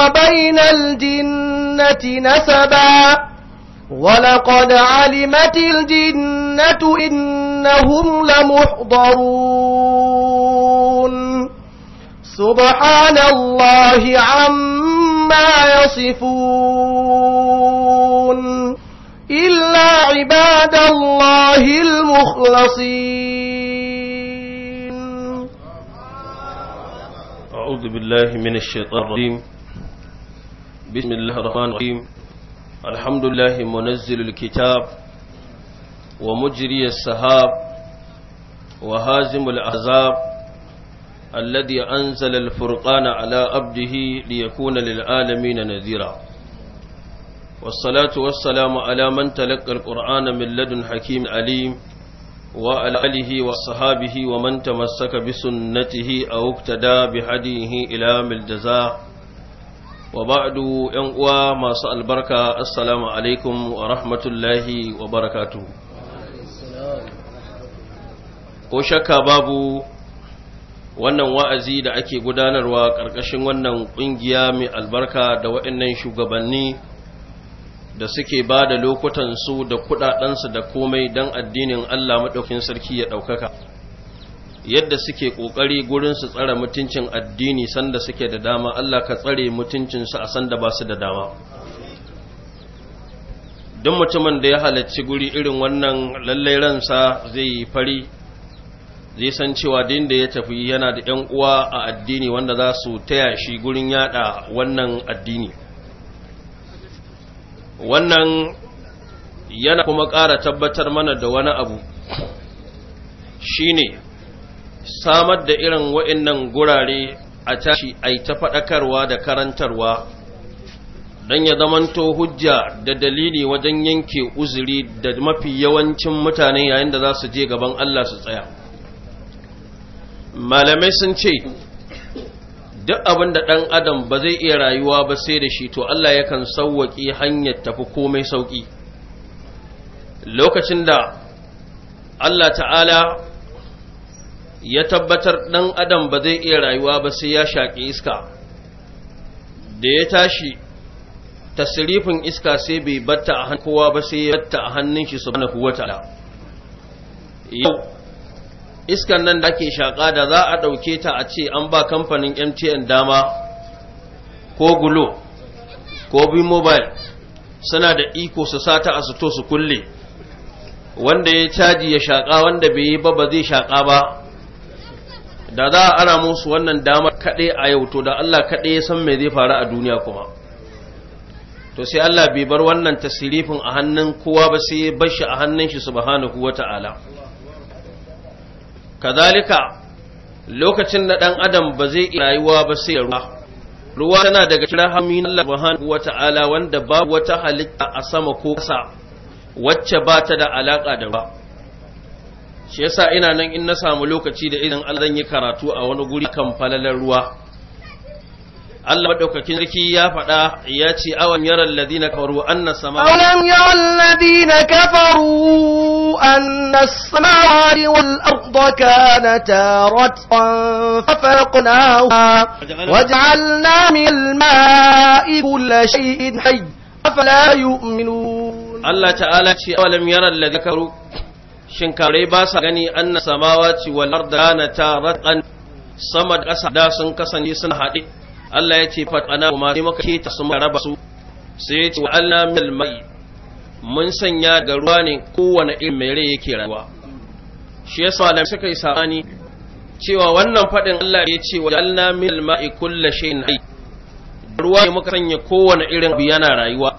وبين الجنة نسبا ولقد علمت الجنة إنهم لمحضرون سبحان الله عما يصفون إلا عباد الله المخلصين أعوذ بالله من الشيطان الرجيم بسم الله الرحمن الرحيم الحمد لله منزل الكتاب ومجري السحاب وهازم الأحزاب الذي أنزل الفرقان على عبده ليكون للعالمين نذيرا والصلاة والسلام على من تلقى القرآن من لدن حكيم عليم وعلى آله وصحابه ومن تمسك بسنته أو اقتدى بهديه إلى ملجزاه wa ba'du yan uwa masu albarka assalamu alaikum wa rahmatullahi wa barakatu. ko shakka babu wannan wa'azi da ake gudanarwa ƙarƙashin wannan ƙungiya mai albarka da waɗannan shugabanni da suke ba da su da kuɗaɗensu da komai don addinin Allah maɗaukin sarki ya ɗaukaka yadda suke kokari gurin su tsare mutuncin addini sanda suke da dama Allah ka tsare mutuncin su a sanda ba su da dama don mutumin da ya halarci guri irin wannan lallai ransa zai yi fari zai san cewa din da ya tafi yana da yan uwa a addini wanda za su taya shi gurin yada wannan addini wannan yana kuma ƙara tabbatar mana da wani abu shine samar da irin wa'annan gurare a tashi ai ta faɗakarwa da karantarwa don ya zamanto hujja da dalili wajen yanke uzuri da mafi yawancin mutane yayin da za su je gaban Allah su tsaya malamai sun ce duk abin da ɗan adam ba zai iya rayuwa ba sai da shi to Allah yakan sauwaƙi hanyar tafi komai sauƙi lokacin da Allah ta'ala ya tabbatar ɗan adam ba zai iya rayuwa ba sai ya shaƙi iska da ya tashi tasirifin iska sai bai batta a hannun kowa ba sai ya batta a hannun shi su kuwa da. yau iskan nan da ake shaka da za a ɗauke ta a ce an ba kamfanin mtn dama ko gulo ko bi mobile suna da iko su sata a suto su kulle wanda ya caji ya shaƙa wanda bai yi ba ba zai shaƙa ba da za a ana musu wannan damar kaɗai a yau to da Allah kaɗai ya san mai zai faru a duniya kuma to sai Allah bai bar wannan tasirifin a hannun kowa ba sai bar shi a hannun shi subhanahu wata'ala kazalika lokacin da dan adam ba zai iya rayuwa ba sai ruwa ruwa tana daga cikin rahamin Allah subhanahu wata'ala wanda babu wata halitta a sama ko ƙasa wacce ba ta da alaka da ruwa shi yasa ina nan in na samu lokaci da idan Allah zan yi karatu a wani guri kan falalar ruwa Allah madaukakin sarki ya faɗa ya ce awan yaral ladina kafaru anna samaa awan yaral ladina kafaru anna samawati wal arda kanata ratqan fafaqnaha waj'alna min al-ma'i kull shay'in hayy afala yu'minun Allah ta'ala ce awalam yaral ladina kafaru shin ba sa gani anna walar da rana ta ratqan sama da ƙasa da sun kasance suna haɗe Allah ya ce fatana kuma sai muka ke ta sun raba su sai ya ce wa Allah mil mai mun sanya ga ruwa ne kowane irin mai rai yake rayuwa shi yasa malamai suka yi sabani cewa wannan faɗin Allah ya ce wa Allah mil mai kullu shay'in hayy ruwa ne muka sanya kowane irin abu yana rayuwa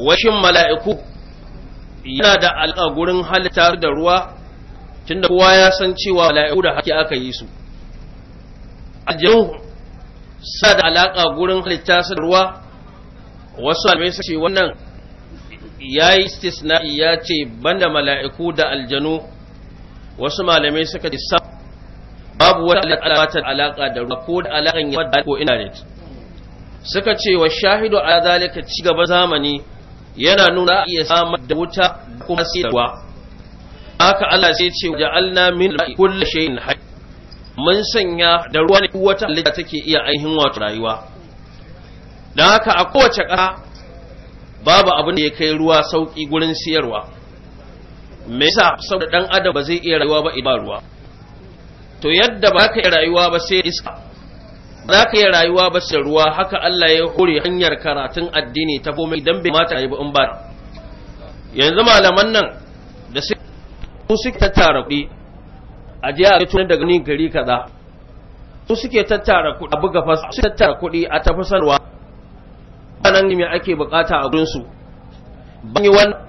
washin mala'iku yana da alƙa gurin halitta da ruwa tunda kowa ya san cewa mala'iku da haƙi aka yi su aljanu sa da alaƙa gurin halitta su da ruwa wasu alamai su ce wannan ya yi istisna'i ya ce banda mala'iku da aljanu wasu malamai suka ce babu wani alaƙatar alaƙa da ruwa ko da alaƙan yadda ko intanet suka ce wa shahidu a zalika ci gaba zamani yana nuna a iya samar da wuta kuma sitarwa haka Allah sai ce ja'alna min ra'i kulli shay'in hayy mun sanya da ruwa ne wata halitta take iya ainihin wato rayuwa Da haka a kowace ƙasa babu abin da ya kai ruwa sauki gurin siyarwa me yasa saboda dan adam ba zai iya rayuwa ba idan ruwa to yadda ba ka iya rayuwa ba sai iska za ka yi rayuwa ba ruwa haka Allah ya hore hanyar karatun addini ta komai idan bai mata yi ba in ba yanzu malaman nan da su suke tattara kuɗi a jiya a tunan daga nin gari kaza su suke tattara kuɗi a buga fas su tattara kuɗi a tafasarwa nan ne ake bukata a gurin su ban yi wannan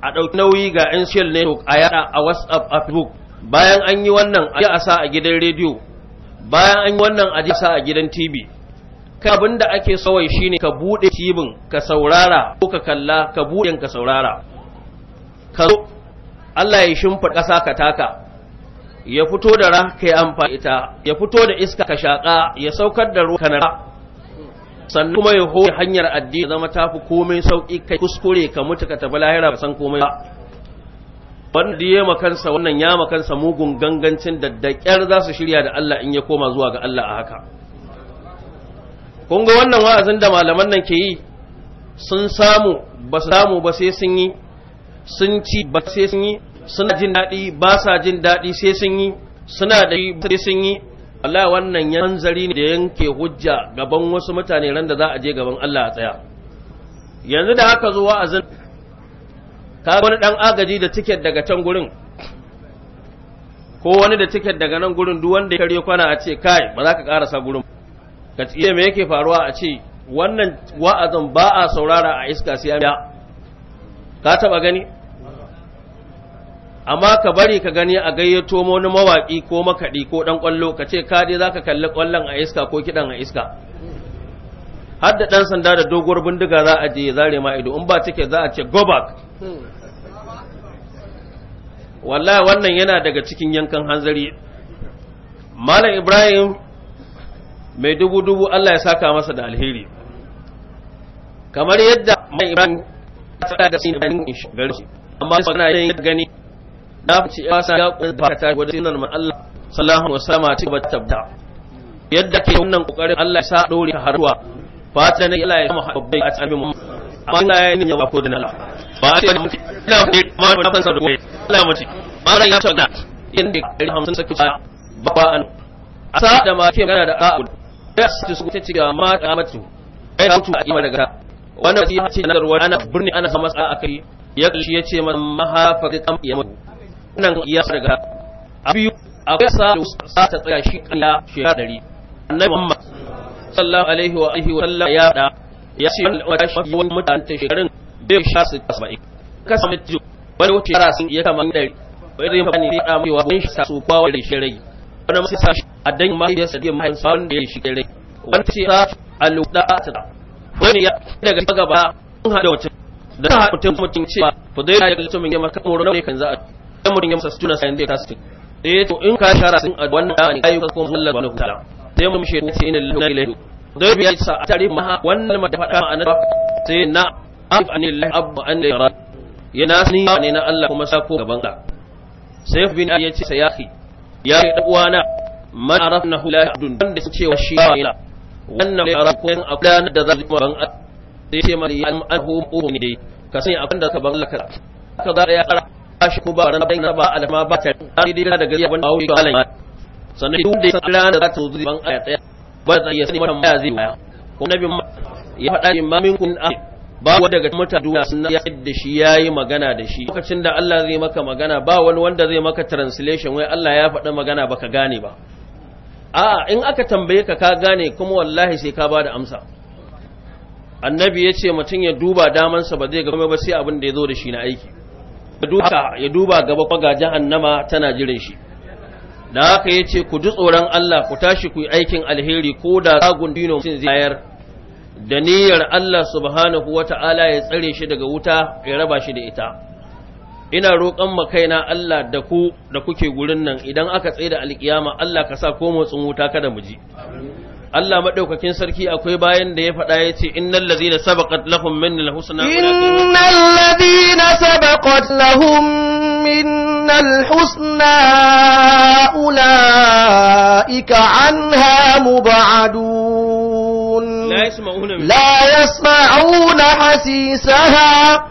a ɗauki nauyi ga shell network a yada a WhatsApp a Facebook bayan an yi wannan a yi asa a gidan rediyo bayan an yi wannan ajiyasa a gidan tv ka abin da ake sawai shine ka buɗe tibin ka saurara ko ka kalla ka buɗe ka saurara ka zo Allah ya shimfa ƙasa ka taka ya fito da ra ka yi amfani ita ya fito da iska ka shaƙa ya saukar da ruwa kanara sannan kuma ya hanyar addini zama tafi komai sauƙi kai kuskure ka mutu ka tafi lahira ba san komai ba wanda ya makansa wannan ya makansa mugun gangancin da da ƙyar za su shirya da Allah in ya koma zuwa ga Allah a haka kun ga wannan wa'azin da malaman nan ke yi sun samu ba su samu ba sai sun yi sun ci ba sai sun yi suna jin daɗi ba sa jin daɗi sai sun yi suna da sai sun yi Allah wannan ya hanzari ne da yanke hujja gaban wasu mutane ran da za a je gaban Allah a tsaya yanzu da haka zo wa'azin ka wani ɗan agaji da tiket daga can gurin ko wani da tiket daga nan gurin duk wanda ya karye kwana a ce kai ba za ka karasa gurin ka tsiye me yake faruwa a ce wannan wa'azin ba a saurara a iska sai ya ka taba gani amma ka bari ka gani a gayyato wani mawaƙi ko makaɗi ko ɗan ƙwallo ka ce ka dai za ka kalli ƙwallon a iska ko kiɗan a iska har da ɗan sanda da doguwar bindiga za a je ya zare ma ido in ba cike za a ce go back wallahi wannan yana daga cikin yankan hanzari malam ibrahim mai dubu dubu Allah ya saka masa da alheri kamar yadda malam ibrahim ya tsada da sinin shi amma suna yin gani na fi ya sa ya kuma ta gwada sinar mai Allah sallallahu alaihi wasallam ci ta tabda yadda ke wannan kokarin Allah ya sa dore ka haruwa yi Allah ya kama habbai a tsamin mu amma ina yi ne ko da lafa. ba ta mutu ina mutu ma ta fansa da kai Allah mutu ma ran ya tsada inda kai hamsin saki ba ba an asa da ma ke magana da ka'u ya sati su ta ci ga ma ta mutu kai mutu a kima daga wannan wasiya ce na ruwa ana birni ana sa masa akai ya shi ya ce man mahafa kam ya mutu wannan ya sa daga A abiyu akwai sa da ta tsaya shi kalla shekara 100 annabi Muhammad sallallahu alaihi wa alihi wa sallam ya da ya ce wani mutane shekarun bai sha su ta saba'in ka samu wani wuce tara sun iya kama ɗari wani zai mabani sai ɗamu yawa wani sa su kwa wani shi rai wani masu sa shi a dan mahaifiyarsa da mahaifinsa wanda ya shi rai wani ce ta alwuda a tsada wani ya daga gaba sun haɗa wacce da ta mutum mutum cewa to ya ga mutum ya maka ne kan za a ya mutum ya masa tuna sai da ta su eh to in ka shara sun a wannan da ne ka ko mullar wani hutala sai mu mishe ne sai inna lillahi dai biya sa a tare maha wannan ma da a ma'anar sai na af anillahi abba an da yara yana Ya ne na Allah kuma sako gaban ka sai bin ya ce sai yaki ya kai dan uwana man na hu la abdun dan da cewa shi ba ila wannan Ya arab ko akula da zai ban sai ce mali an ahu ne dai ka sani abin da ka ban laka ka ya ara shi ko ba ran na ba alama ba ta ari dai da gari ban bawo ga Allah sannan duk da san da za ta zuwa ban aya tsaya ba zai sani zai ko nabi ya faɗa min kun a ba wa daga mutane duniya sun ya da shi yayi magana da shi lokacin da Allah zai maka magana ba wani wanda zai maka translation wai Allah ya faɗa magana baka gane ba a in aka tambaye ka ka gane kuma wallahi sai ka bada amsa annabi ya ce mutum ya duba damansa ba zai gaba ba sai abin da ya zo da shi na aiki ya duba gaba kuma ga jahannama tana jiran shi da haka ya ce ku ji tsoron Allah ku tashi ku yi aikin alheri ko da sagun dino mutum zai da niyyar Allah subhanahu wata'ala ya tsare shi daga wuta ya raba shi da ita ina roƙon makaina Allah da ku da kuke gurin nan idan aka tsaye da alƙiyama Allah ka sa ko motsin wuta kada mu ji Allah madaukakin sarki akwai bayan da ya faɗa ya ce innal ladina sabaqat lahum minnal husna innal ladina sabaqat lahum minnal husna ulaika anha mubadun لا يسمعون حسيسها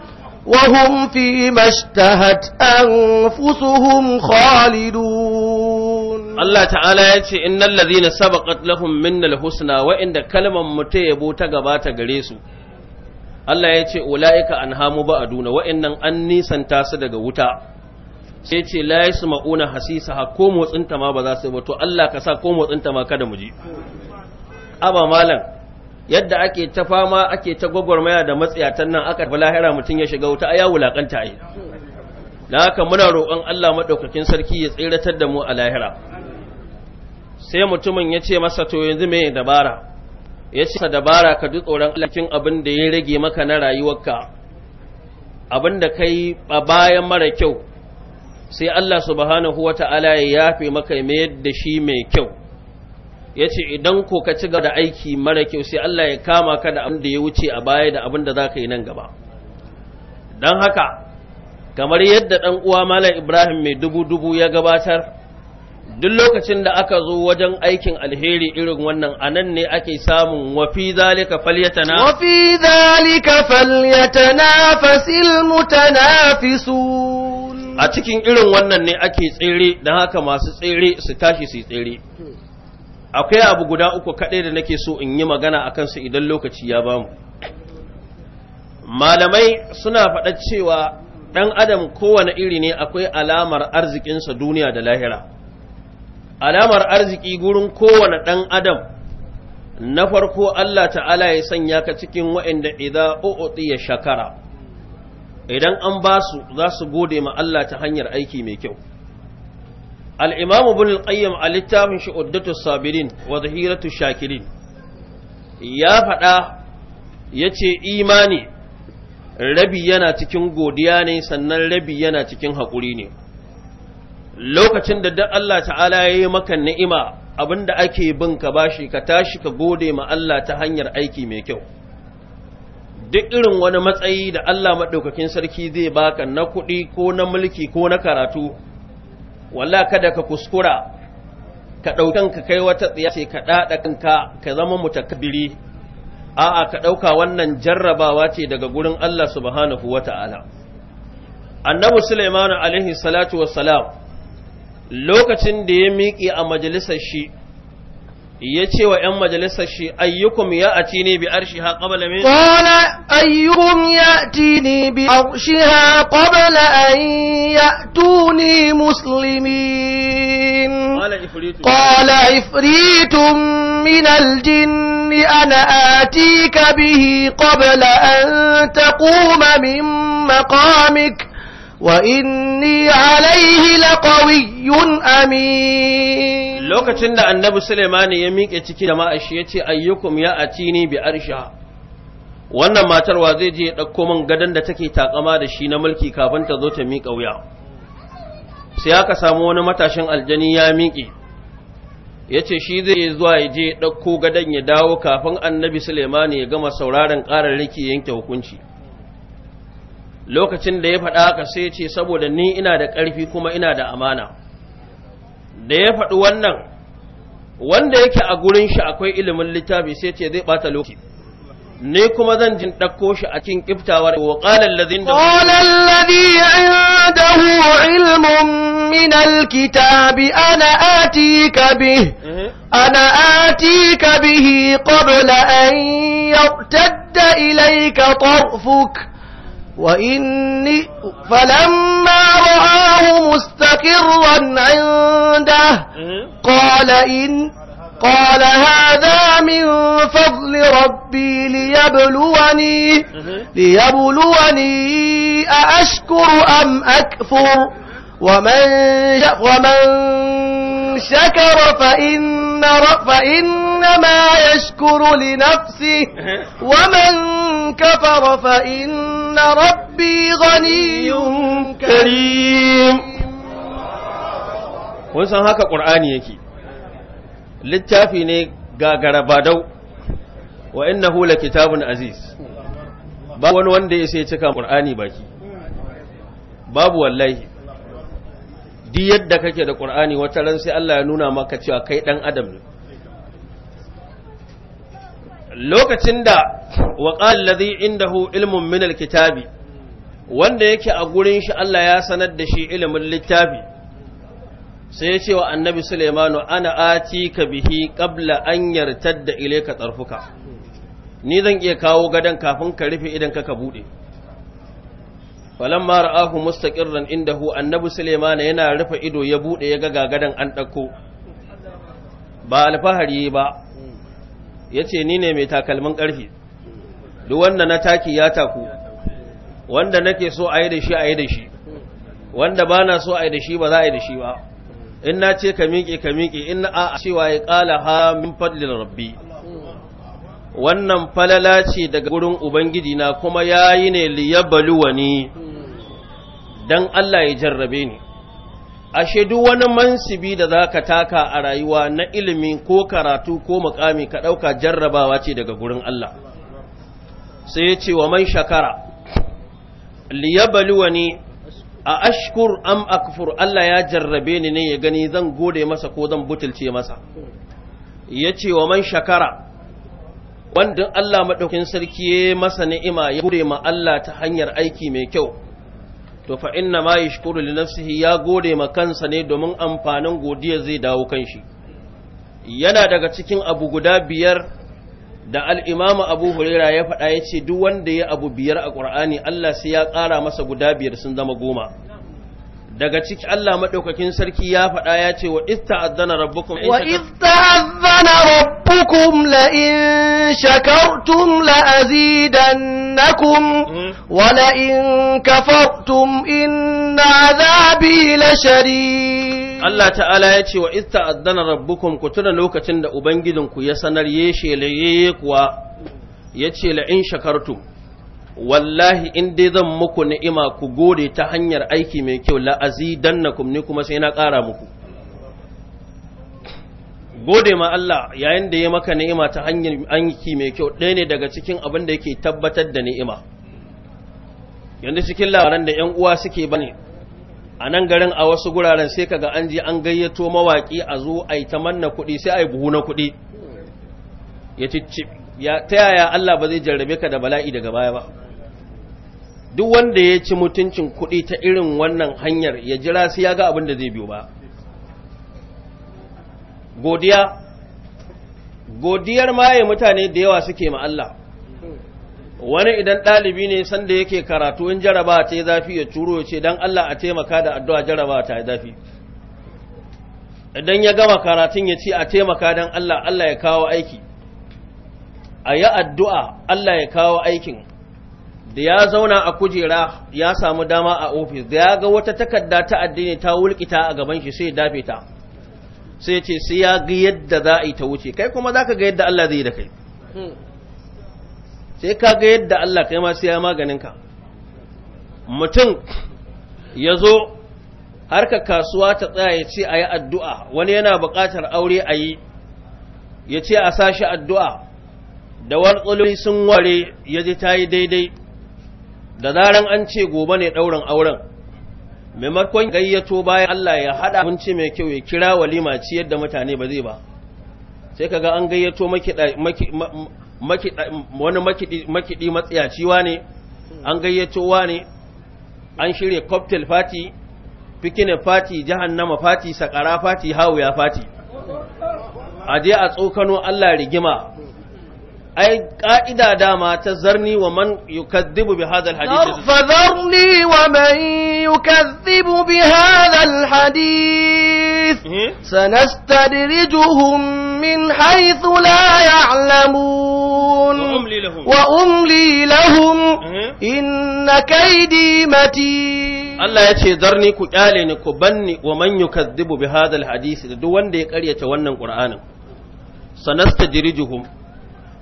وهم فيما اشتهت أنفسهم خالدون الله تعالى يتي إن الذين سبقت لهم من الحسنى وإن كلمة متيبو تقبات قريسو Allah ya ce, Ula'ika an hamu ba a duna, wa'innan an nisanta su daga wuta, sai ce, Layi su ma'una hasisa ha ko motsinta ma ba za su yi ba, to Allah ka sa ko motsinta ma kada mu ji. Aba malam, yadda ake ta fama ake ta gwagwarmaya da matsiyatan nan aka lahira mutum ya shiga wuta ya wulakanta ai da haka muna roƙon Allah madaukakin sarki ya tsiratar da mu a lahira sai mutumin ya ce masa to yanzu me dabara ya ce dabara ka ji tsoron alakin abin da ya rage maka na rayuwarka abin da kai a bayan mara kyau sai Allah subhanahu wata'ala ya yafe maka mai yadda shi mai kyau ya ce idan ko ka ci gaba da aiki mara kyau sai Allah ya kama ka da abin da ya wuce a baya da abin da za ka yi nan gaba don haka kamar yadda ɗan uwa malam ibrahim mai dubu dubu ya gabatar duk lokacin da aka zo wajen aikin alheri irin wannan anan ne ake samun wafi zalika falyatana wafi zalika falyatana fasil a cikin irin wannan ne ake tsere don haka masu tsere su tashi su tsere akwai abu guda uku kaɗai da nake so in yi magana a kansu idan lokaci ya bamu malamai suna faɗa cewa ɗan adam kowane iri ne akwai alamar arzikinsa duniya da lahira alamar arziki gurin kowane ɗan adam na farko Allah ta'ala ya sanya ka cikin wa'inda idan ya shakara idan an ba su za su gode ma Allah ta hanyar aiki mai kyau al'imamu bin al'ayyam a littafin shi uddatu sabirin wa zahiratu shakirin ya faɗa ya ce imani rabi yana cikin godiya ne sannan rabi yana cikin haƙuri ne lokacin da dan Allah ta'ala ya yi maka ni'ima da ake bin ka bashi ka tashi ka gode ma Allah ta hanyar aiki mai kyau duk irin wani matsayi da Allah maɗaukakin sarki zai baka na kuɗi ko na mulki ko na karatu wallah kada ka kuskura ka daukan ka kai wata tsiya ce ka dada kanka ka zama mutakabbiri a'a ka dauka wannan jarrabawa ce daga gurin Allah subhanahu wata'ala annabi Sulaiman alaihi salatu wassalam lokacin da ya miƙe a majalisar shi ya ce wa ‘yan majalisar shi ayyukum ya a ne bi arshi ha ƙabala min? Ƙola ayyukum ya ti ne bi arshi ha ƙabala an ya tuni muslimin. Ƙola ifritun min aljin أنا آتيك به قبل أن تقوم من مقامك وإني عليه لقوي أمين lokacin da annabi Suleimani ya miƙe ciki da ma'ashi ya ce ayyukum ya atini bi arsha wannan wa zai je ya ɗauko min gadon da take takama da shi na mulki kafin ta zo ta miƙa wuya sai aka samu wani matashin aljani ya miƙe ya ce shi zai zuwa ya je ya ɗauko gadon ya dawo kafin annabi Suleimani ya gama sauraron ƙararriki yanke hukunci lokacin da ya faɗa ka sai ce saboda ni ina da ƙarfi kuma ina da amana da ya faɗi wannan wanda yake a gurin shi akwai ilimin littafi sai ce zai bata lokaci ni kuma zan jin ɗakko shi a cikin ƙiftawar wa ƙalar ladin da da ilmun من الكتاب أنا آتيك به أنا آتيك به qabla an يرتد ilayka طرفك وإني فلما رآه مستقرا عنده قال إن قال هذا من فضل ربي ليبلوني ليبلوني أأشكر أم أكفر ومن ومن شكر فإن فإنما يشكر لنفسه ومن كفر فإن ربي غني كريم kun san haka ƙur'ani yake littafi ne ga garabadau wa inna hula kitabun aziz ba wani wanda ya sai cika ƙur'ani baki babu wallahi Di yadda kake da ƙur'ani wata ran sai Allah ya nuna maka cewa kai ɗan adam ne lokacin da waƙal ladhi indahu ilmun min alkitabi wanda yake a gurin shi Allah ya sanar da shi ilimin littafi sai ya ce wa annabi Sulaimanu ana ati ka bihi qabla an yartadda ilayka tsarfuka ni zan iya kawo gadon kafin ka rufe idan ka ka bude falamma ra'ahu mustaqirran indahu annabi sulaiman yana rufe ido ya bude ya ga gagadan an dauko ba alfahari ba yace ni ne mai takalmin karfi duk wanda na taki ya taku wanda nake so a yi da shi a yi da shi wanda bana so a yi da shi ba za a yi da shi ba in na ce ka miƙe ka miƙe in a cewa ya ƙala ha min fadlin rabbi wannan falala ce daga gurin ubangiji na kuma yayi ne liyabaluwa liyabaluwani dan Allah ya jarrabe ni a duk wani mansibi da za ka taka a rayuwa na ilimi ko karatu ko mukami ka dauka jarrabawa ce daga gurin Allah sai ya ce wa man shakara liyabluwani a ashkur am akfur Allah ya jarrabe ni ne ya gani zan gode masa ko zan butulce masa ya ce wa man shakara wanda Allah maɗaukin sarki ya masa ni'ima ya gode ma Allah ta hanyar aiki mai kyau to fa inna ma yashkuru li nafsihi ya gode ma kansa ne domin amfanin godiya zai dawo kanshi yana daga cikin abu guda biyar da al imamu Abu Huraira ya faɗa yace duk wanda ya abu biyar a Qur'ani Allah sai ya ƙara masa guda biyar sun zama goma daga ciki Allah madaukakin sarki ya faɗa yace wa ista'adana rabbukum wa ربكم لئن شكرتم لأزيدنكم ولئن كفرتم إن عذابي لشديد Allah ta'ala ya ce wa ita addana rabbukum ku tuna lokacin da Ubangijinku ya sanar ya shelaye kuwa ya ce la'in shakartu. wallahi in dai zan muku ni'ima ku gode ta hanyar aiki mai kyau la'azi dannaku ni kuma sai na ƙara muku gode ma Allah yayin da ya maka ni'ima ta hanyar anki mai kyau ɗaya ne daga cikin abin da yake tabbatar da ni'ima yanzu cikin labaran da ƴan uwa suke bane a nan garin a wasu guraren sai kaga an je an gayyato mawaki a zo a yi tamanna kuɗi sai a yi buhu na kuɗi ya ya ta yaya Allah ba zai jarrabe ka da bala'i daga baya ba duk wanda ya ci mutuncin kuɗi ta irin wannan hanyar ya jira sai ya ga abin da zai biyo ba godiya godiyar maye mutane da yawa suke ma Allah wani idan ɗalibi ne sanda yake karatu in jaraba ta yi zafi ya curo ce don Allah a taimaka da addu'a jaraba ta yi zafi idan ya gama karatun ya ce a taimaka don Allah Allah ya kawo aiki a yi addu'a Allah ya kawo aikin da ya zauna a kujera ya samu dama a ofis da ya ga wata takarda ta addini ta wulkita a gaban shi sai dafe ta sai ya ce sai ya ga yadda za a yi ta wuce kai kuma za ka ga yadda Allah zai yi da kai hmm. sai ka ga yadda Allah kai ma sai ya maganin ka mutum ya zo harka kasuwa ta tsaya ya ce a yi addu'a wani yana buƙatar aure a yi ya ce a sashi addu'a da walƙulori sun ware ya ji ta yi daidai da zaran an ce gobe ne ɗaurin auren maimakon gayyato bayan Allah ya haɗa abinci mai kyau ya kira walima ci yadda mutane ba zai ba sai kaga an gayyato wani makiɗi matsiyaciwa ne an gayyato ne an shirya cocktail fati fati fati jahannama fati sakara hawu ya fati a je a tsokano Allah rigima ai ka'ida dama ta zarni wa man yukazzibu bi hadha alhadith fa zarni wa man yukazzibu bi hadha alhadith mhm. sanastadrijuhum min haythu la ya'lamun wa umli lahum mhm. inna kaydi matin Allah ya ce zarni ku kyale ni ku banni wa man yukazzibu bi hadha alhadith duk wanda ya karyata wannan qur'anin sanastadrijuhum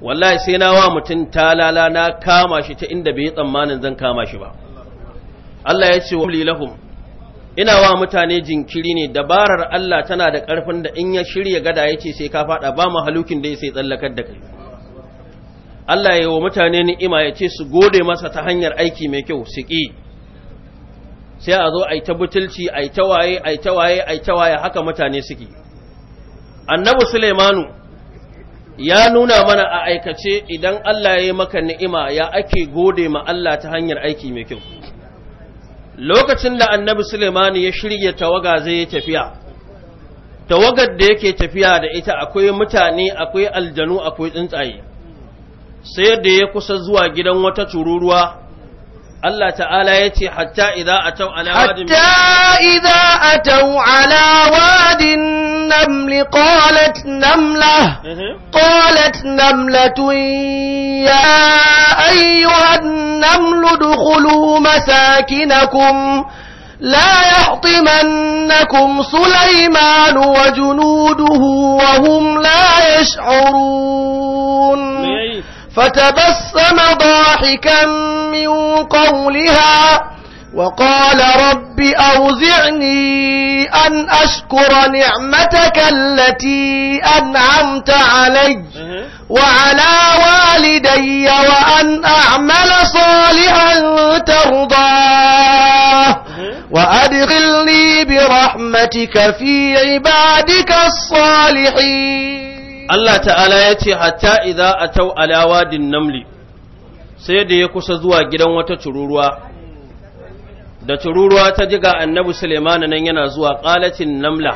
wallahi sai na wa mutum talala na kama shi ta inda bai tsammanin zan kama shi ba Allah ya ce wa lahum ina wa mutane jinkiri ne dabarar Allah tana da ƙarfin da in ya shirya gada ya ce sai ka faɗa ba mu halukin da ya sai tsallakar da kai Allah ya yi wa mutane ni'ima ya ce su gode masa ta hanyar aiki mai kyau su ƙi sai a zo a yi ta butulci a tawaye ta waye a yi a yi haka mutane suke annabi Suleimanu ya nuna mana a aikace idan Allah ya maka ni'ima ya ake gode ma Allah ta hanyar aiki mai kyau lokacin da annabi Suleimani ya shirya tawaga zai tafiya tawagar da yake tafiya da ita akwai mutane akwai aljanu akwai tsuntsaye sai da ya kusa zuwa gidan wata tururuwa Allah ta'ala ya ce hatta idan atau ala النمل قالت نملة قالت نملة يا أيها النمل ادخلوا مساكنكم لا يحطمنكم سليمان وجنوده وهم لا يشعرون إيه. فتبسم ضاحكا من قولها وقال رب أوزعني أن أشكر نعمتك التي أنعمت علي وعلى والدي وأن أعمل صالحا ترضاه وأدخلني برحمتك في عبادك الصالحين الله تعالى يتي حتى إذا أتوا على واد النمل سيدي يكوس زوا جدا وتتروروا da tururuwa ta jiga annabi Suleiman nan yana zuwa qalatin namla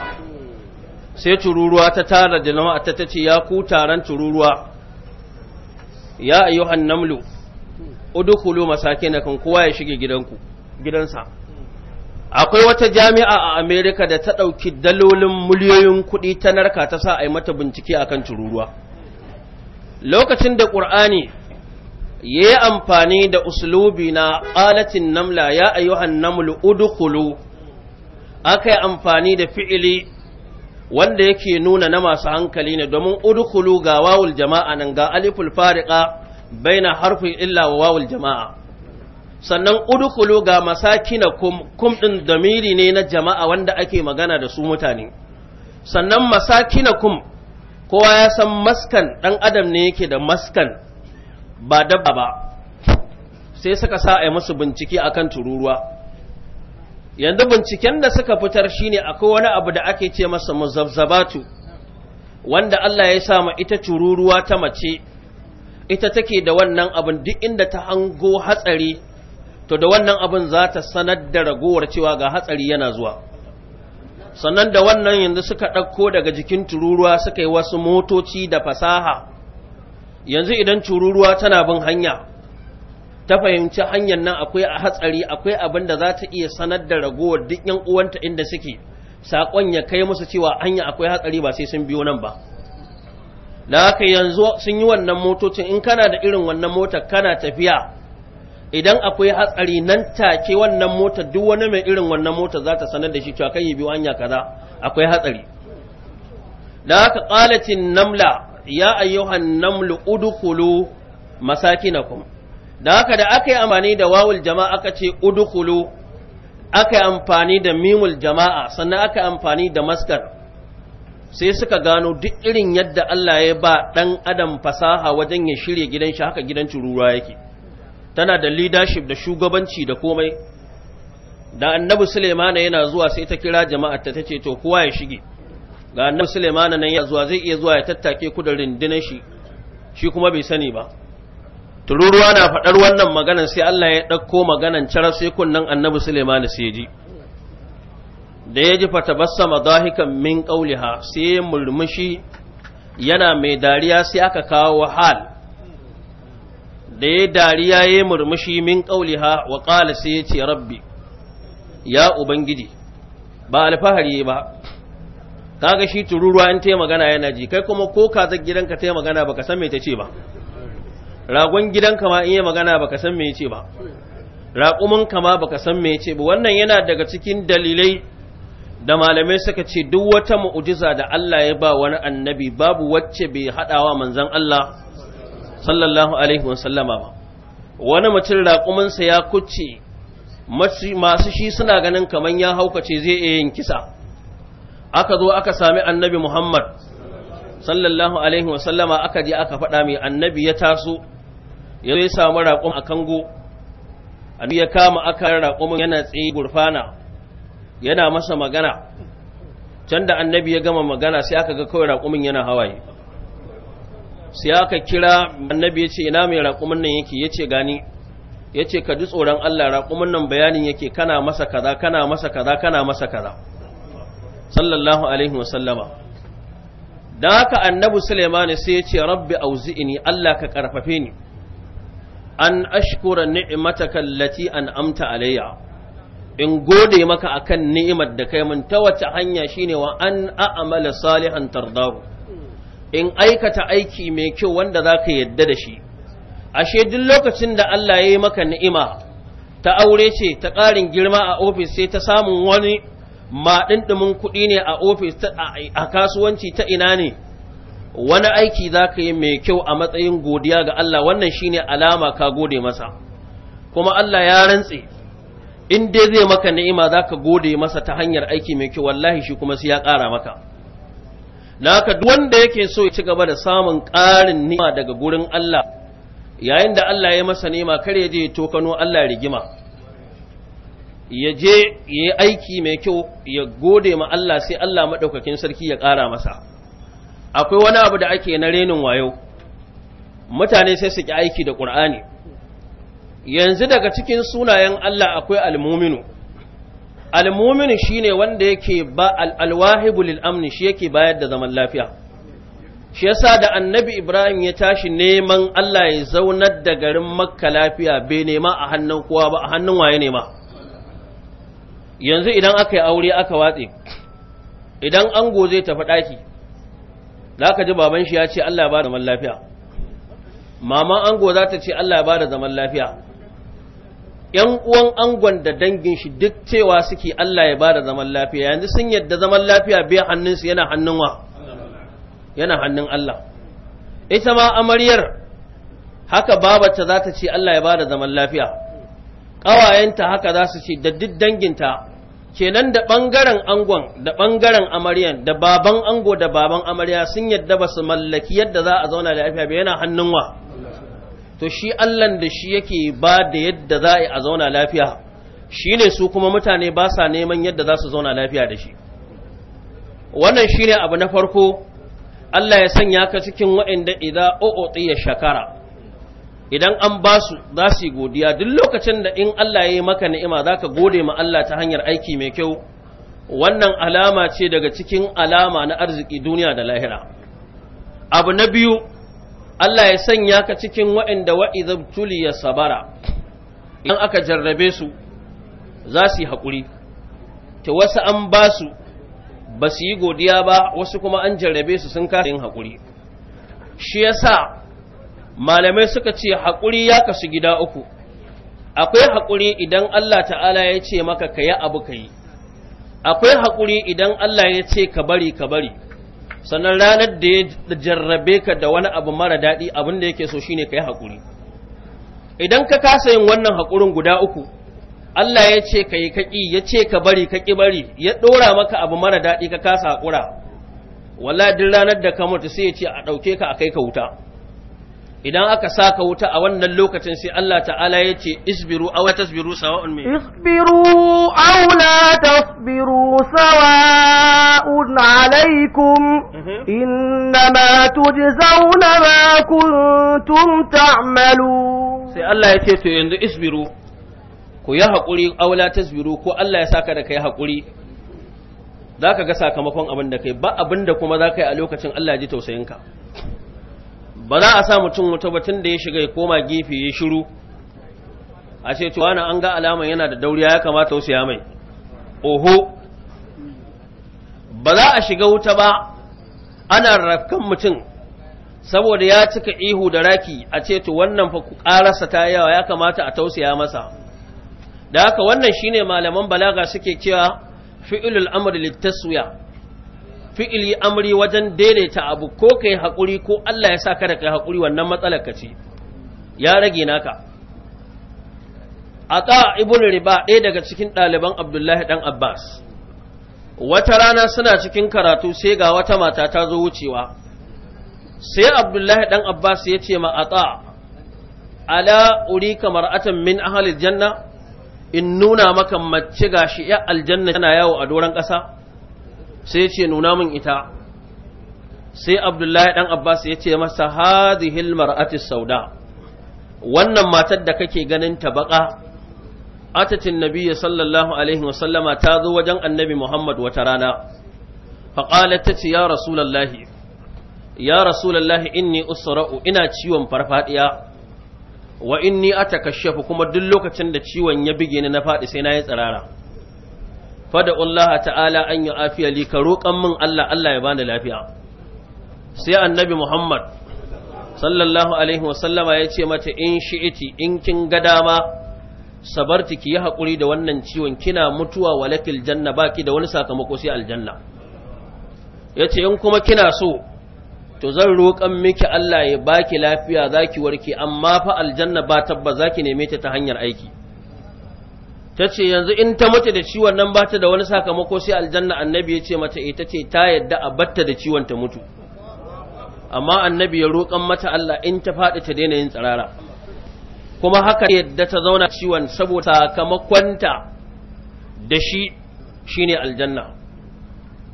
sai tururuwa ta tara da jama'a ta tace ya ku taran tururuwa ya ayyuhan namlu udkhulu masakinakum kowa ya shige gidanku gidansa akwai wata jami'a a Amerika da ta ɗauki dalolin miliyoyin kuɗi ta narka ta sa a yi mata bincike akan tururuwa lokacin da ƙur'ani yi amfani da uslubi na ƙalatin namla ya ayyuhan namlu udkhulu aka yi amfani da fi'ili wanda yake nuna na masu hankali ne domin udkhulu ga wawul jama'a nan ga aliful fariqa baina harfin illa wa wawul jama'a sannan udkhulu ga masakina kum kum din damiri ne na jama'a wanda ake magana da su mutane sannan masakina kum kowa ya san maskan dan adam ne yake da maskan ba dabba ba sai suka sa a yi musu bincike a kan tururuwa yanzu binciken da suka fitar shi ne akwai wani abu da ake ce masa muzabzabatu wanda Allah ya sa ma ita tururuwa ta mace ita take da wannan abin duk inda ta hango hatsari to da wannan abin za ta sanar da ragowar cewa ga hatsari yana zuwa sannan da wannan yanzu suka ɗauko daga jikin tururuwa suka yi wasu motoci da fasaha yanzu idan cururuwa tana bin hanya ta fahimci hanyar nan akwai a hatsari akwai abin da za ta iya sanar da ragowar duk yan uwanta inda suke saƙon ya kai musu cewa hanya akwai hatsari ba sai sun biyo nan ba da haka yanzu sun yi wannan motocin in kana da irin wannan motar kana tafiya idan akwai hatsari nan take wannan motar duk wani mai irin wannan motar za ta sanar da shi cewa kai biyo hanya kaza akwai hatsari da haka qalatin namla ya ayyuhan namlu udkhulu masakinakum da haka da aka yi amfani da wawul jama'a aka ce udkhulu aka yi amfani da mimul jama'a sannan aka amfani da maskar sai suka gano duk irin yadda Allah ya ba dan adam fasaha wajen ya shirye gidan shi haka gidan ruwa yake tana da leadership da shugabanci da komai da annabi Suleimana yana zuwa sai ta kira jama'a ta tace to kowa ya shige ga annabi Sulaiman nan ya zuwa zai iya zuwa ya tattake ku da shi shi kuma bai sani ba tururuwa na faɗar wannan maganan sai Allah ya ɗauko maganan cara sai kunnan annabi Sulaiman sai ji da ya ji fatabassama dahikan min qauliha sai murmushi yana mai dariya sai aka kawo hal da ya dariya ya murmushi min ƙauliha wa qala sai ya ce rabbi ya ubangiji ba alfahari ba kaga shi tururuwa in ta magana yana ji kai kuma ko ka gidan gidanka ta magana baka san me ta ce ba ragon gidanka ma in yi magana baka san me ya ce ba raƙumin ba baka san me ce ba wannan yana daga cikin dalilai da malamai suka ce duk wata mu'ujiza da Allah ya ba wani annabi babu wacce bai hadawa manzon Allah sallallahu alaihi sallama ba wani mutum raƙuminsa ya kucce masu shi suna ganin kaman ya haukace zai iya yin kisa aka zo aka sami annabi Muhammad sallallahu alaihi wasallama aka je aka faɗa mai annabi ya taso ya zo ya samu raƙon a kango annabi ya kama aka raƙon yana tsaye gurfana yana masa magana can da annabi ya gama magana sai aka ga kawai raƙumin yana hawaye sai aka kira annabi ya ce ina mai raƙumin nan yake ya ce gani ya ce ka ji tsoron Allah raƙumin nan bayanin yake kana masa kaza kana masa kaza kana masa kaza sallallahu alaihi wasallama Da haka annabi Suleimani sai ya ce rabbi auzi'ini Allah ka karfafe ni an ashkura kallati an an'amta alayya in gode maka akan ni'imar da kai mun ta wace hanya shine wa an a'mala salihan tardahu in aikata aiki mai kyau wanda zaka yadda da shi ashe duk lokacin da Allah ya yi maka ni'ima ta aure ce ta ƙarin girma a ofis sai ta samun wani ma ɗinɗimin kuɗi ne a ofis a kasuwanci ta ina ne wani aiki za ka yi mai kyau a matsayin godiya ga Allah wannan shine alama ka gode masa kuma Allah ya rantse in dai zai maka ni'ima za ka gode masa ta hanyar aiki mai kyau wallahi shi kuma sai ya ƙara maka na haka duk wanda yake so ya ci gaba da samun ƙarin ni'ima daga gurin Allah yayin da Allah ya masa ni'ima kar ya je ya tokano Allah rigima ya je ya yi aiki mai kyau ya gode ma Allah sai Allah maɗaukakin sarki ya ƙara masa akwai wani abu da ake na renin wayo mutane sai su ƙi aiki da ƙur'ani yanzu daga cikin sunayen Allah akwai almuminu almuminu ne wanda yake ba al’alwahibu lil shi yake bayar da zaman lafiya shi yasa da annabi ibrahim ya tashi neman allah ya zaunar da garin makka lafiya bai nema a hannun kowa ba a hannun waye nema yanzu idan aka yi aure aka watse idan ango zai tafi ɗaki za ka ji baban shi ya ce Allah ba da zaman lafiya mama ango za ta ce Allah ba da zaman lafiya ‘yan uwan angon da dangin shi duk cewa suke Allah ya ba da zaman lafiya yanzu sun yadda zaman lafiya biya hannunsu yana hannun wa yana hannun Allah ita ma amaryar haka babata za ta ce Allah ya ba da zaman lafiya ƙawayenta haka za su ce da duk danginta kenan da ɓangaren angon da ɓangaren amaryan da baban ango da baban amarya sun yadda ba su mallaki yadda za a zauna da lafiya ba yana hannun wa to shi allan da shi yake ba da yadda za a zauna lafiya shi ne su kuma mutane ba sa neman yadda za su zauna lafiya da shi wannan shi ne abu na farko allah ya sanya ka cikin wa'inda idan o'o'i ya shakara idan an ba su za su yi godiya duk lokacin da in Allah ya yi maka ni'ima za ka gode ma Allah ta hanyar aiki mai kyau wannan alama ce daga cikin alama na arziki duniya da lahira abu na biyu Allah ya sanya ka cikin wa'inda wa'izabtuli ya sabara idan aka jarrabe su za su yi haƙuri ta wasu an ba su ba su yi godiya ba wasu kuma an jarrabe su sun kasa yin haƙuri shi yasa malamai suka ce haƙuri ya kasu gida uku akwai haƙuri idan Allah ta'ala ya ce maka ka yi abu ka yi akwai haƙuri idan Allah ya ce ka bari ka bari sannan ranar da ya jarrabe ka da wani abu mara daɗi abin da yake so shine ka yi haƙuri idan ka kasa yin wannan haƙurin guda uku Allah ya ce ka yi kaƙi ya ce ka bari ka ƙi bari ya ɗora maka abu mara daɗi ka kasa haƙura wala duk ranar da ka mutu sai ya ce a ɗauke ka a kai ka wuta idan aka saka wuta a wannan lokacin sai Allah ta'ala ya ce isbiru aw tasbiru sawa'un min isbiru aw la tasbiru sawa'un alaykum mhm. ma tujzauna ma kuntum ta'malu sai Allah ya ce to yanzu isbiru ku yi hakuri aw la tasbiru ko Allah ya saka da kai hakuri zaka ga sakamakon abin da kai ba abin da kuma zaka yi a lokacin Allah ya ji tausayinka ba za a sa mutum wuta ba tun da ya shiga ya koma gefe ya shiru a ce tuwa wani an ga yana da dauriya ya kamata wasu ya mai oho ba za a shiga wuta ba ana rafkan mutum saboda ya cika ihu da raki a ce tu wannan fa ku karasa ta yawa ya kamata a tausaya masa da haka wannan shine malaman balaga suke cewa fi'ilul amr taswiya fi'ili amri wajen daidaita abu ko ka yi haƙuri ko Allah ya sa ka da kai haƙuri wannan matsalar ka ce ya rage naka ata ibn riba ɗaya daga cikin ɗaliban abdullahi ɗan abbas wata rana suna cikin karatu sai ga wata mata ta zo wucewa sai abdullahi ɗan abbas ya ce ma ata ala uri kamar atan min ahalil janna in nuna maka mace gashi ya aljanna tana yawo a doron ƙasa sai ce nuna min ita sai abdullahi dan abbas ya ce masa hilmar mar'ati sauda wannan matar da kake ganin ta baka atatin nabiyyi sallallahu alaihi sallama ta zo wajen annabi muhammad wata rana ta tace ya rasulullahi ya rasulullahi inni usra'u ina ciwon farfadiya wa inni atakashafu kuma duk lokacin da ciwon ya bige ni na faɗi sai na yi tsirara fada Allah ta'ala an yi afiya li ka roƙan min Allah Allah ya bani lafiya sai annabi Muhammad sallallahu alaihi wa sallama ya ce mata in shi'iti in kin ga dama sabarti ki yi haƙuri da wannan ciwon kina mutuwa walakil janna baki da wani sakamako sai aljanna Yace in kuma kina so to zan roƙan miki Allah ya baki lafiya zaki warke amma fa aljanna ba tabba zaki neme ta ta hanyar aiki ta ce yanzu in ta mutu da ciwon nan ba ta da wani sakamako sai aljanna annabi ya ce mata ita ce ta yadda a batta da ciwon ta mutu amma annabi ya roƙan mata Allah in ta faɗi ta daina yin tsirara kuma haka yadda ta zauna ciwon saboda sakamakonta da shi shine aljanna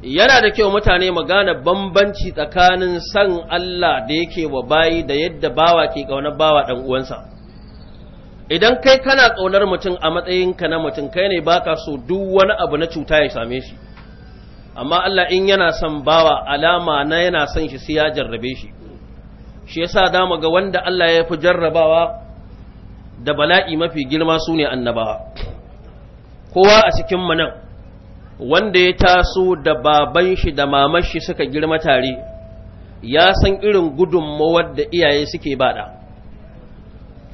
yana da kyau mutane mu gane bambanci tsakanin san Allah da yake wa bayi da yadda bawa ke ƙaunar bawa ɗan uwansa idan kai kana ƙaunar mutum a matsayinka na mutum kai ne baka so duk wani abu na cuta ya same shi amma Allah in yana son bawa alama na yana son shi sai ya jarrabe shi shi yasa da mu ga wanda Allah ya fi jarrabawa da bala'i mafi girma su ne annabawa kowa a cikin mu nan wanda ya taso da baban shi da maman shi suka girma tare ya san irin gudunmawar da iyaye suke bada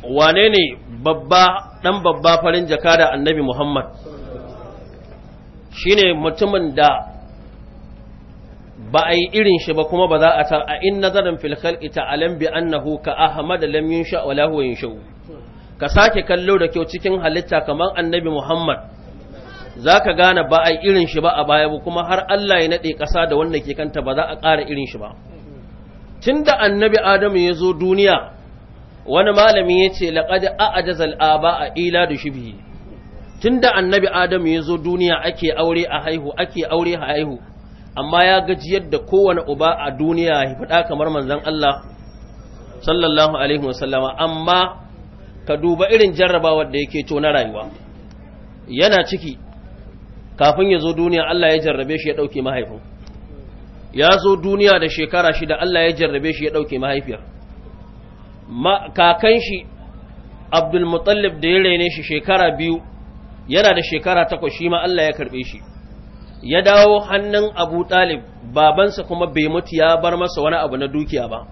wane ne babba ɗan babba farin jaka da annabi Muhammad shine mutumin da ba a yi irin shi ba kuma ba za a san a in nazarin filkal ita alam bi annahu ka ahmad lam yunsha wa lahu yunsha ka sake kallo da kyau cikin halitta kamar annabi Muhammad zaka gane ba a yi irin shi ba a baya ba kuma har Allah ya nade kasa da wanda ke kanta ba za a ƙara irin shi ba tunda annabi Adamu ya zo duniya wani malami ya ce laƙadi a ajazal aba a ila da shibhi tun da annabi adamu ya zo duniya ake aure a haihu ake aure a haihu amma ya gaji yadda kowane uba a duniya ya faɗa kamar manzan Allah sallallahu alaihi wasallama amma ka duba irin jarrabawar da yake to na rayuwa yana ciki kafin ya zo duniya Allah ya jarrabe shi ya ɗauke mahaifin ya zo duniya da shekara shida Allah ya jarrabe shi ya ɗauke mahaifiyar kakan shi abdulmutallib da ya raine shi shekara biyu yana da shekara takwas shi ma Allah ya karɓe shi ya dawo hannun abu talib babansa kuma bai mutu ya bar masa wani abu na dukiya ba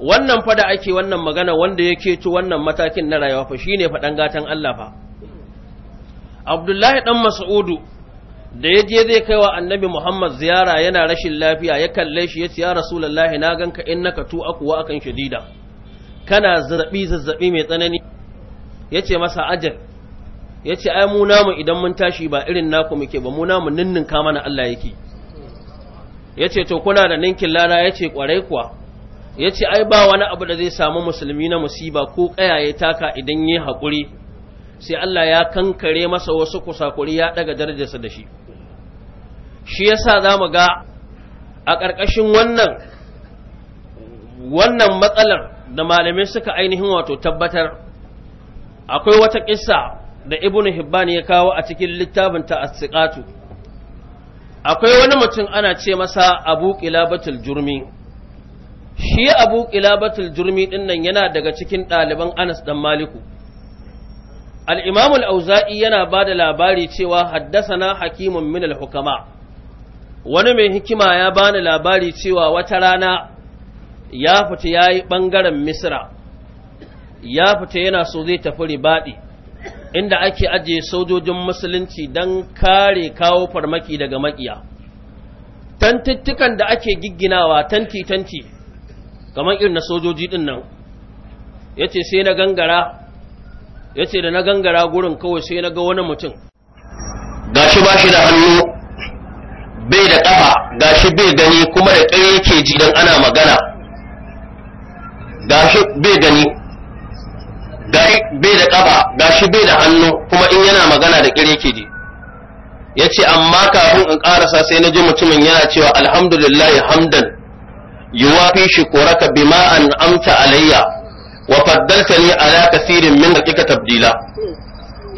wannan fada ake wannan magana wanda ya keto wannan matakin na rayuwa fa shine faɗan gatan Allah fa abdullahi ɗan mas'udu da ya je zai kai wa annabi muhammad ziyara yana rashin lafiya ya kalle shi ya ce ya rasulallahi na ganka in naka tu akuwa akan shadida kana zurbi zazzabi mai tsanani yace masa ajal yace ai mu namu idan mun tashi ba irin naku muke ba mu namu ninninka mana Allah yake yace to kuna da ninkin lana yace kwarai kuwa yace ai ba wani abu da zai samu musulmi na musiba ko kayaye taka idan yi hakuri sai Allah ya kankare masa wasu kusakuri ya daga darajarsa da shi shi yasa zamu ga a ƙarƙashin wannan wannan matsalar da malamai suka ainihin wato tabbatar akwai wata ƙisa da ibnu hibban ya kawo a cikin littafin ta asiqatu akwai wani mutum ana ce masa abu qilabatul jurmi shi abu qilabatul jurmi din nan yana daga cikin ɗaliban anas dan maliku al-imam al-auza'i yana ba da labari cewa haddasana hakimun min al-hukama wani mai hikima ya bani labari cewa wata rana ya fita ya yi ɓangaren misra ya fita yana so zai tafi ribaɗi inda ake ajiye sojojin musulunci don kare kawo farmaki daga makiya tantittukan da ake gigginawa tanti-tanti kamar irin na sojoji ɗin nan ya ce sai na gangara ya ce da na gangara gurin kawai sai na ga wani mutum ga shi ba shi da hannu bai da ƙafa ga shi bai gani kuma da ƙayyake ji don ana magana gashi bai gani bai da ƙafa gashi bai da hannu kuma in yana magana da kire ke ji ya amma kafin in ƙarasa sai na ji mutumin yana cewa alhamdulillahi hamdan yuwa wafi shi koraka bima an amta alayya wa faddalta ni ala kasirin min dakika tabdila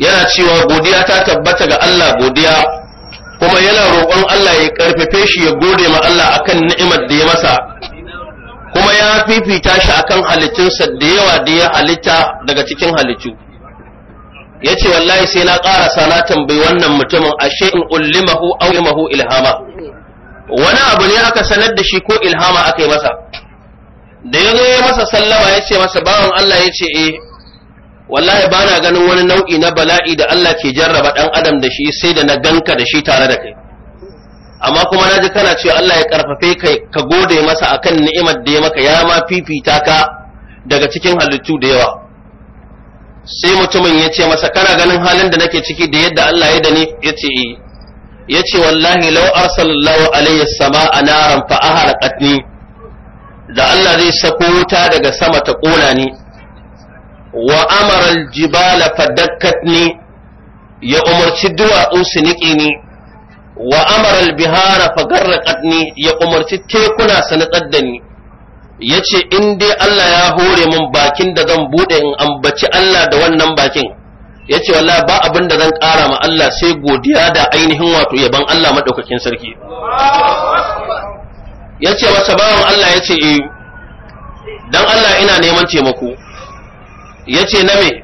yana cewa godiya ta tabbata ga Allah godiya kuma yana roƙon Allah ya karfafe shi ya gode ma Allah akan ni'imar da ya masa kuma ya fifita shi akan halittunsa da yawa da ya halitta daga cikin halittu ya ce wallahi sai na ƙarasa na tambayi wannan mutumin ashe in ullimahu aw ilmahu ilhama wani abu ne aka sanar da shi ko ilhama aka yi masa da ya zo ya masa sallama ya ce masa bawan Allah ya ce eh wallahi ba na ganin wani nau'i na bala'i da Allah ke jarraba ɗan adam da shi sai da na ganka da shi tare da kai amma kuma naji kana cewa Allah ya karfafe kai ka gode masa akan ni'imar da ya maka ya ma fifita ka daga cikin halittu da yawa sai mutumin ya ce masa kana ganin halin da nake ciki da yadda Allah ya dani ni ya ce eh. ya ce wallahi law arsalallahu alayhi sama'a naran fa aharqatni da Allah zai sako wuta daga sama ta kona ni wa amara aljibala fadakkatni ya umarci duwatsu su niƙe ni wa amara al-bihara fagarraqatni ya umarci tekuna sanatsar da ni yace in dai Allah ya hore min bakin da zan bude in ambaci Allah da wannan bakin yace wallahi ba abin da zan ƙara ma Allah sai godiya da ainihin wato yaban Allah madaukakin sarki yace masa bawan Allah yace eh dan Allah ina neman taimako yace na me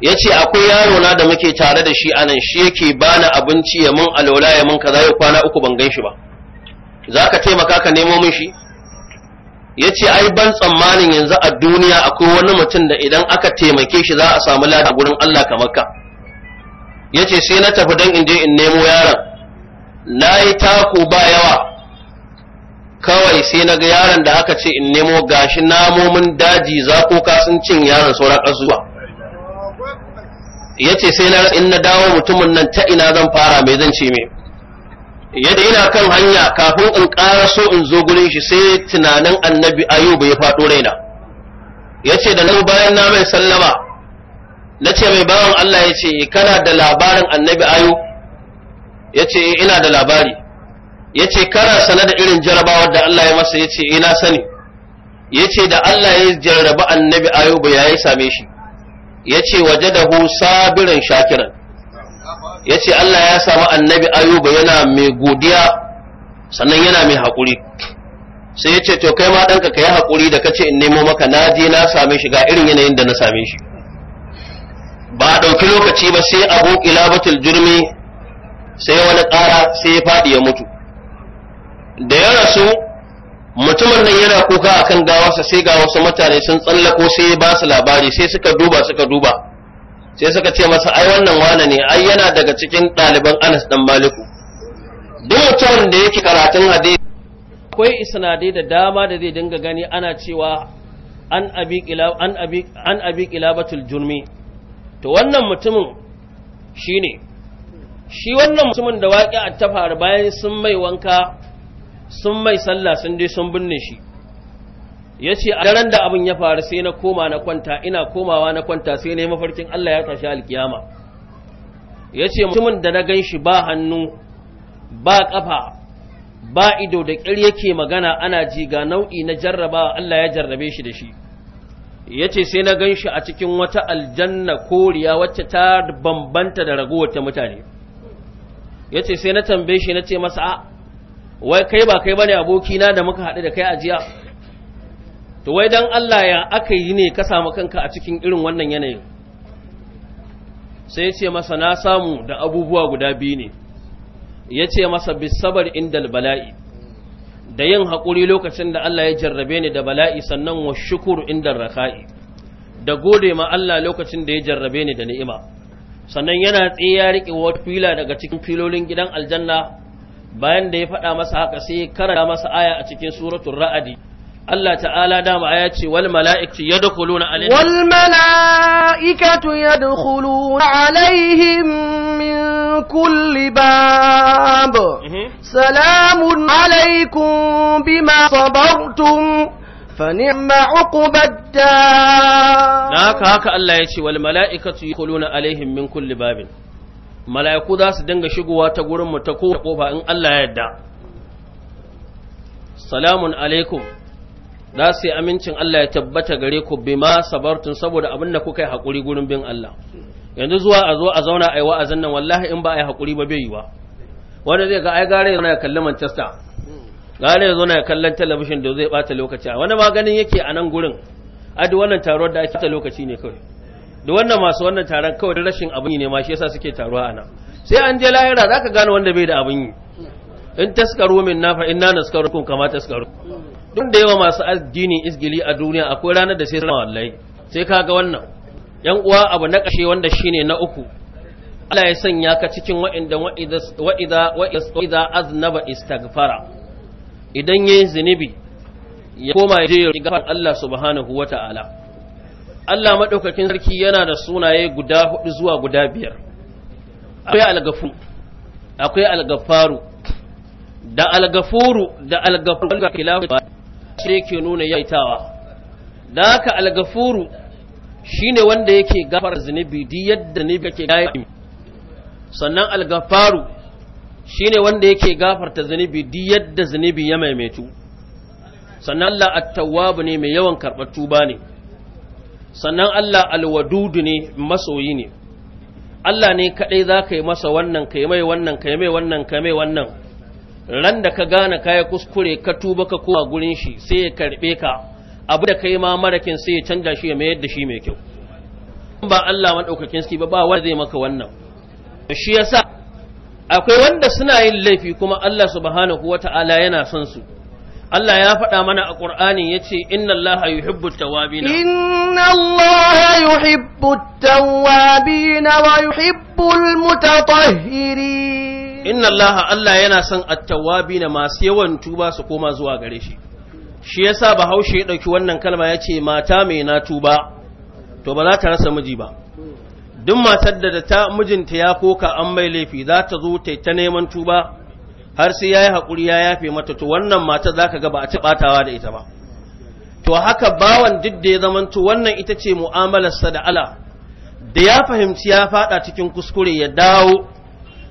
ya ce akwai yaro na da muke tare da shi a nan shi yake bani abinci ya mun alola ya mun kaza ya kwana uku ban gan shi ba za ka taimaka ka nemo min shi ya ce ai ban tsammanin yanzu a duniya akwai wani mutum da idan aka taimake shi za a samu lada gurin Allah kamar ka ya ce sai na tafi dan in je in nemo yaron na yi taku ba yawa kawai sai na ga yaron da aka ce in nemo gashi namomin daji zakoka sun cin yaron sauran ƙasuwa yace sai na in na dawo mutumin nan ta ina zan fara mai zan ce mai yadda ina kan hanya kafin in ƙara so in zo gurin shi sai tunanin annabi ayuba ya faɗo raina yace da nan bayan na mai sallama na ce mai bawan Allah ya ce eh, kana da labarin annabi ayo ya ce eh, ina da labari ya ce kana sana da irin jarabawar da Allah ya masa ya ce ina eh, sani ya ce da Allah ya jarraba annabi ayuba ya yi same shi ya ce wajadahu sabirin shakiran ya ce Allah ya samu annabi ayuba yana mai godiya sannan yana mai haƙuri sai ya ce to kai ma ɗanka ka yi haƙuri da ka ce in nemo maka na je na same shi ga irin yanayin da na same shi ba a ɗauki lokaci ba sai abu ilabatul jurmi sai wani ƙara sai ya faɗi ya mutu da ya rasu mutumin nan yana kuka akan gawarsa sai ga wasu mutane sun tsallako sai ba su labari sai suka duba suka duba sai suka ce masa ai wannan wane ne ai yana daga cikin ɗaliban Anas dan Maliku duk mutumin da yake karatun hadisi akwai isnadai da dama da zai dinga gani ana cewa an abi an abi an abi qilabatul jurmi to wannan mutumin shine shi wannan mutumin da waƙi a tafar bayan sun mai wanka sun mai sallah sun dai sun binne shi ya ce a daren da abin ya faru sai na koma na kwanta ina komawa na kwanta sai na yi mafarkin Allah ya tashi alkiyama ya ce mutumin da na gan shi ba hannu ba ƙafa ba ido da ƙir yake magana ana ji ga nau'i na jarraba Allah ya jarrabe shi da shi ya ce sai na gan shi a cikin wata aljanna koriya wacce ta bambanta da ragowar ta mutane ya ce sai na tambaye shi na ce masa A. wai kai ba kai bane abokina da muka haɗu da kai a jiya to wai dan Allah ya aka yi ne ka samu kanka a cikin irin wannan yanayin sai ya ce masa na samu da abubuwa guda biyu ne ya ce masa bisabar indal bala'i da yin haƙuri lokacin da Allah ya jarrabe ni da bala'i sannan wa shukuru indal raka'i da gode ma Allah lokacin da ya jarrabe ni da ni'ima sannan yana tsaye ya riƙe wata fila daga cikin filolin gidan aljanna bayan da ya faɗa masa haka sai ya karanta masa aya a cikin suratul ra'adi Allah ta'ala dama aya ce wal mala'ikatu yadkhuluna alaihim wal mala'ikatu yadkhuluna alaihim min kulli bab mhm. salamun alaikum bima sabartum فنعم عقبى الدار ناك هكا الله يشي والملائكة يدخلون عليهم من كل باب mala'iku za su dinga shigowa ta gurin mu ta kofa in Allah ya yarda salamun alaikum za su yi amincin Allah ya tabbata gare ku bima sabartun saboda abin da kuka yi haƙuri gurin bin Allah yanzu zuwa a zo a zauna a yi wa'azin nan wallahi in ba a yi haƙuri ba bai yi wa wanda zai ga ai gare ya zauna ya kalli Manchester gare ya zauna ya kallon talabishin da zai bata lokaci wani maganin yake a nan gurin adi wannan taron da ake ta lokaci ne kawai da wannan masu wannan taron kawai da rashin abin yi ne ma shi yasa suke taruwa ana sai an je lahira zaka gane wanda bai da abin yi in taskaru min na fa inna kun kama taskaru duk da yawa masu addini isgili a duniya akwai ranar da sai sama wallahi sai kaga wannan yan uwa abu na kashe wanda shine na uku Allah ya sanya ka cikin wa'inda wa'idha wa'idha aznaba istaghfara idan yayin zinubi ya koma ya je ya Allah subhanahu wata'ala Allah maɗaukakin sarki yana da sunaye guda hudu zuwa guda biyar akwai algafu akwai algafaru da algafuru da algafuru ga kilafu shi ke nuna yaitawa da haka algafuru shine wanda yake gafar zunubi di yadda ne yake gaya sannan algafaru shine wanda yake gafarta zunubi di yadda zunubi ya maimaitu sannan Allah at-tawwab ne mai yawan karɓar tuba ne sannan Allah alwadudu ne masoyi ne Allah ne kaɗai za ka yi masa wannan ka yi mai wannan ka yi mai wannan ka yi mai wannan ran da ka gane ka yi kuskure ka tuba ka kowa gurin shi sai ya karɓe ka abu da ka yi ma marakin sai ya canja shi ya mayar da shi mai kyau ba Allah maɗaukakin sarki ba ba wanda zai maka wannan shi yasa akwai wanda suna yin laifi kuma Allah subhanahu wata'ala yana son su Allah ya faɗa mana a Ƙur'ani ya ce, Inna Allah yuhibbu tawabina. Inna Allah yuhibbu tawabina wa yuhibbu mutatahhiri. Inna Allah Allah yana son attawabina masu yawan tuba su koma zuwa gare shi. Shi yasa Bahaushe ya ɗauki wannan kalma ya ce, Mata mai na tuba, to ba za ta rasa miji ba. Duk matar da ta mijinta ya koka an mai laifi za ta zo ta ta neman tuba, har sai yayi hakuri ya yafe mata to wannan mata zaka ga ba a ci batawa da ita ba to haka bawan duk da ya zamanto wannan ita ce mu'amalar sa da Allah da ya fahimci ya fada cikin kuskure ya dawo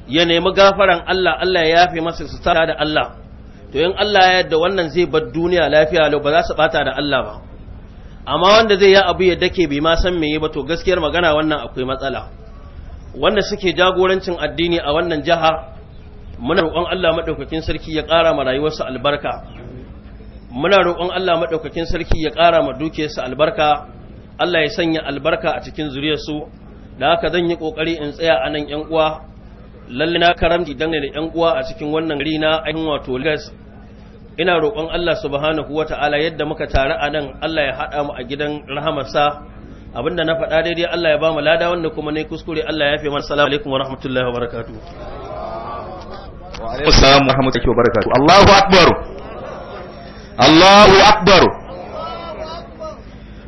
ya nemi gafaran Allah Allah ya yafe masa su tara da Allah to in Allah ya yarda wannan zai bar duniya lafiya lau ba za su bata da Allah ba amma wanda zai yi abu ya dake bai ma san meye ba to gaskiyar magana wannan akwai matsala wanda suke jagorancin addini a wannan jiha muna roƙon Allah madaukakin sarki ya ƙara ma rayuwarsa albarka muna roƙon Allah madaukakin sarki ya ƙara ma dukiyarsa albarka Allah ya sanya albarka a cikin zuriyarsu da haka zan yi kokari in tsaya a nan yan uwa lalle na karamci dangane da yan uwa a cikin wannan gari na ainihin wato Lagos ina roƙon Allah subhanahu wata'ala yadda muka tare a nan Allah ya haɗa mu a gidan rahamarsa abinda na faɗa daidai Allah ya ba mu lada wanda kuma ne kuskure Allah ya yafe mana salamu alaikum wa rahmatullahi wa barakatuh Assalamu rahmatullahi wa Allahu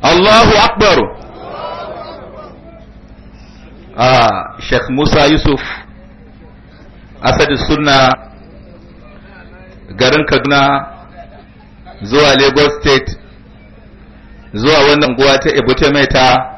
Allahu Allahu ah, Musa Yusuf Asadu Sunna garin Kaduna zuwa Lagos State zuwa wannan guwa ta mai ta.